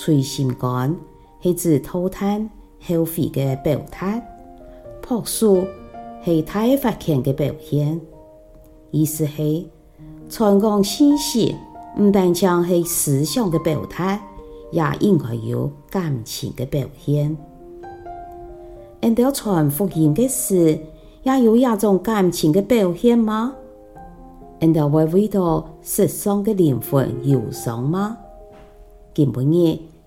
隨心肝，是自偷貪後悔嘅表態；樸素，係太發強嘅表現。意思係，傳講信息唔但像係思想嘅表態，也應該有感情嘅表現。難道傳福音嘅事也有亞種感情嘅表現嗎？難道會為到受傷嘅靈魂療傷嗎？根本唔。